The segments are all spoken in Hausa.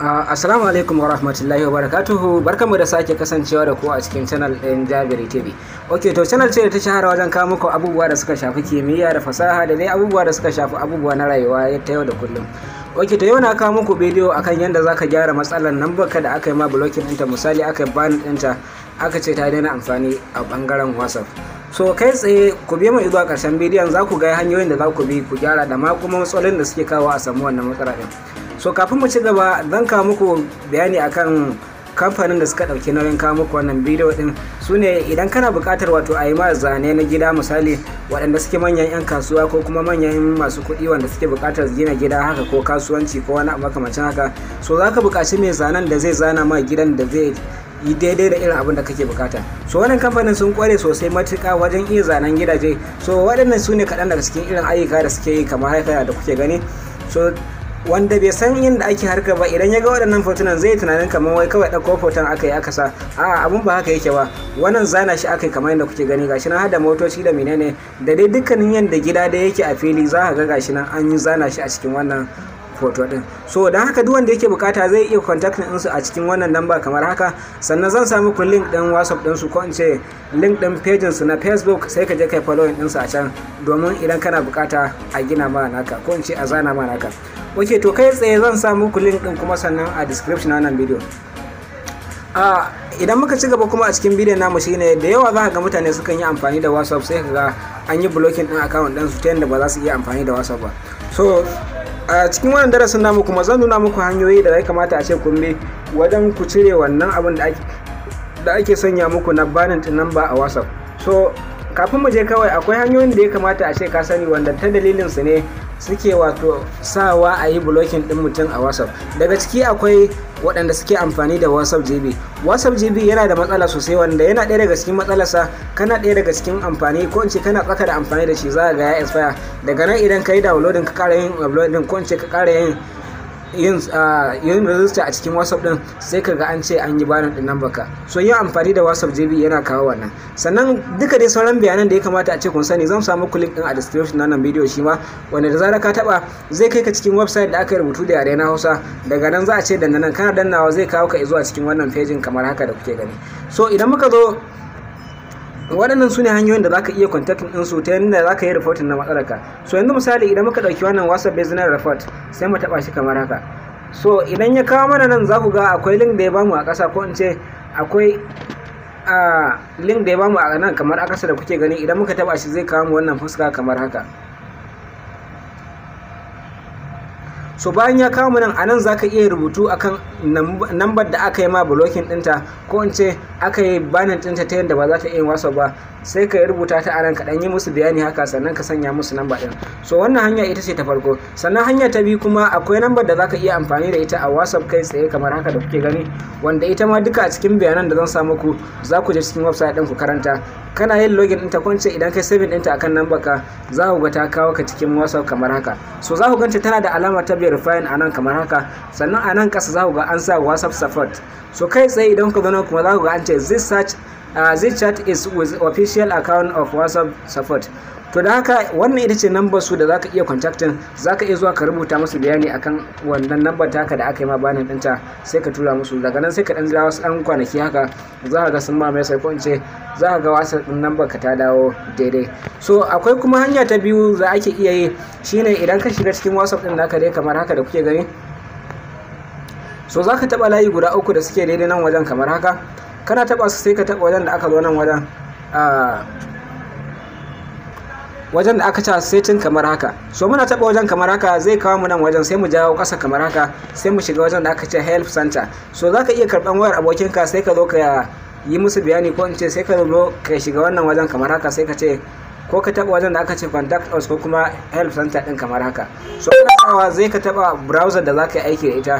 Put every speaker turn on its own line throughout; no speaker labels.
Assalamu alaikum wa rahmatullahi wa barakatuhu barkamu da sake kasancewa da ku a cikin channel ɗin Jabiri TV. Ok to channel ce da ta shahara wajen kawo muku abubuwa da suka shafi kimiyya da fasaha da dai abubuwa da suka shafi abubuwa na rayuwa ta yau da kullum. Ok to yau na kawo muku bidiyo akan yadda zaka gyara matsalar nan ka da aka yi ma blocking ɗinta misali aka yi ban ɗinta aka ce ta daina amfani a bangaren WhatsApp. so kai tsaye ku biya mu zuwa karshen bidiyon za ku ga hanyoyin da za ku bi ku gyara da ma kuma matsalolin da suke kawo a samu wannan matsala ɗin so kafin mu ci gaba zan kawo muku bayani akan kamfanin da suka ɗauki nauyin kawo muku wannan bidiyo din su ne idan kana bukatar wato a yi ma zane na gida misali waɗanda suke manyan 'yan kasuwa ko kuma manyan masu kuɗi wanda suke bukatar gina gida haka ko kasuwanci ko wani makamancin haka so za ka buƙaci mai zanen da zai zana ma gidan da zai yi daidai da irin abin da kake bukata so wannan kamfanin sun kware sosai matuƙa wajen iya zanen gidaje so waɗannan su ne kaɗan daga cikin irin ayyuka da suke yi kamar haka da kuke gani so wanda bai san yadda ake harka ba idan ya ga waɗannan fotunan zai tunanin kamar wai kawai ɗauko foton aka yi aka sa a abun ba haka yake ba wannan zana shi aka yi kamar yadda kuke gani gashi na hada motoci da menene da dai dukkanin yadda gida da yake a fili za ka ga gashi nan an yi zana shi a cikin wannan foto din so don haka duk wanda yake bukata zai iya contacting ɗinsu a cikin wannan lamba kamar haka sannan zan sami ku link din whatsapp ɗinsu ko in ce link ɗin pejin su na facebook sai ka je kai following ɗinsu a can domin idan kana bukata a gina ma naka ko in ce a zana ma naka ok to kai tsaye zan samu ku link din kuma sannan a description wannan bidiyo a idan muka ci gaba kuma a cikin bidiyon namu shine da yawa za ga mutane sukan yi amfani da whatsapp sai ka ga an yi blocking din account ɗinsu ta yadda ba za su iya amfani da whatsapp ba so a cikin wannan darasin namu kuma zan nuna muku hanyoyi da ya kamata a ce kun bi wajen ku cire wannan abin da ake da ake sanya muku na balance number a WhatsApp so kafin mu je kawai akwai hanyoyin da ya kamata a ce ka sani wanda ta dalilin su ne suke wato sawa a yi blocking din mutum a whatsapp daga ciki akwai waɗanda suke amfani da whatsapp gb whatsapp gb yana da matsala sosai wanda yana ɗaya daga cikin matsalarsa kana ɗaya daga cikin amfani ko in ce kana tsaka da amfani da shi za ga ya expire daga nan idan ka yi downloading ka ƙara yin uploading ko ka ƙara yin yin ah, rajista a cikin whatsapp din sai ka ga an ce an yi barin din nan baka so yin amfani da whatsapp jb yana kawo wannan sannan duka dai sauran bayanan da ya kamata a ce kun sani zan samu link din a description na nan bidiyo shi ma wanda da zarar ka taba zai kai ka cikin website da aka rubutu da yare na hausa daga nan za a ce dandanan nan kana dannawa zai kawo ka zuwa cikin wannan pejin kamar haka da kuke gani so idan muka zo waɗannan su ne hanyoyin da za ka iya kwantakin ɗinsu ta yadda za ka yi rufotin na matsalarka so yanzu misali idan muka ɗauki wannan wasa bezinar rufot sai mu taɓa shi kamar haka so idan ya kawo mana nan za ku ga akwai link da ya bamu a ƙasa ko in ce akwai link da ya bamu a nan kamar a ƙasa da kuke gani idan muka taɓa shi zai kawo mu wannan fuska kamar haka so bayan ya kawo nan anan nan za ka iya rubutu akan nambar da aka yi ma blocking ɗinta ko in ce aka yi banin ɗinta ta yadda ba za ta iya wasa ba sai ka rubuta ta anan ka yi musu bayani haka sannan ka sanya musu namba ɗin so wannan hanya ita ce ta farko sannan hanya ta biyu kuma akwai nambar da za ka iya amfani da ita a whatsapp kai tsaye kamar haka da kuke gani wanda ita ma duka a cikin bayanan da zan sa muku za ku je cikin website din ku karanta kana yin login ɗinta ko in ce idan kai saving ɗinta akan nambar ka za ku ga ta kawo ka cikin whatsapp kamar haka so za ku ganta tana da alama ta biyar refine a nan kamar haka sannan a nan kasa za ku ga an sa whatsapp support so kai tsaye idan ku zana kuma za ku ga an ce this search uh, this chat is with official account of whatsapp support to da haka wannan ita ce nambar su da zaka iya contacting zaka iya zuwa ka rubuta musu bayani akan wannan nambar taka da aka yi ma bayanin ɗinta sai ka tura musu daga nan sai ka ɗan jira wasu dan kwanaki haka za ka ga sun mamaye sai ko ce za ga wasu ɗin nambar ka ta dawo daidai so akwai kuma hanya ta biyu da ake iya yi shine idan ka shiga cikin whatsapp ɗin naka dai kamar haka da kuke gani so za ka layi guda uku da suke daidai nan wajen kamar haka kana taɓa su sai ka taba wajen da aka zo nan wajen ah, wajen da aka ca setin kamar haka so muna taba wajen kamar haka zai kawo mu nan wajen sai mu jawo kasa kamar haka sai mu shiga wajen da aka ce help center so za iya karban wayar abokinka sai ka zo ka yi musu bayani ko in ce sai ka zo ka shiga wannan wajen kamar haka sai ka ce ko ka taba wajen da aka ce contact us ko kuma help center din kamar haka so kana sawa zai ka taba browser da zaka yi aiki da ita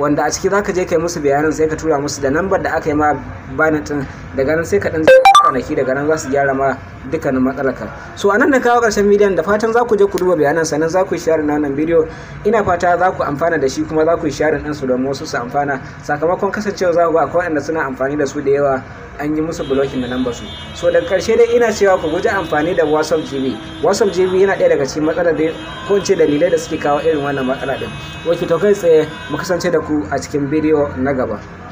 wanda a ciki zaka je kai musu bayanin sai ka tura musu da number da aka yi ma banatin daga nan sai ka dan kwanaki daga nan za su gyara ma dukkanin matsalaka so a nan na kawo ƙarshen bidiyon da fatan za ku je ku duba bayanan sannan za ku yi sharin na wannan bidiyo ina fata za ku amfana da shi kuma za ku yi sharin ɗinsu domin wasu su amfana sakamakon kasancewa za ku ga akwai waɗanda suna amfani da su da yawa an yi musu blocking da ba su so daga karshe dai ina cewa ku guji amfani da whatsapp gb whatsapp gb yana ɗaya daga cikin matsalar da ko ce dalilai da suke kawo irin wannan matsala ɗin wakil to kai tsaye mu kasance da ku a cikin bidiyo na gaba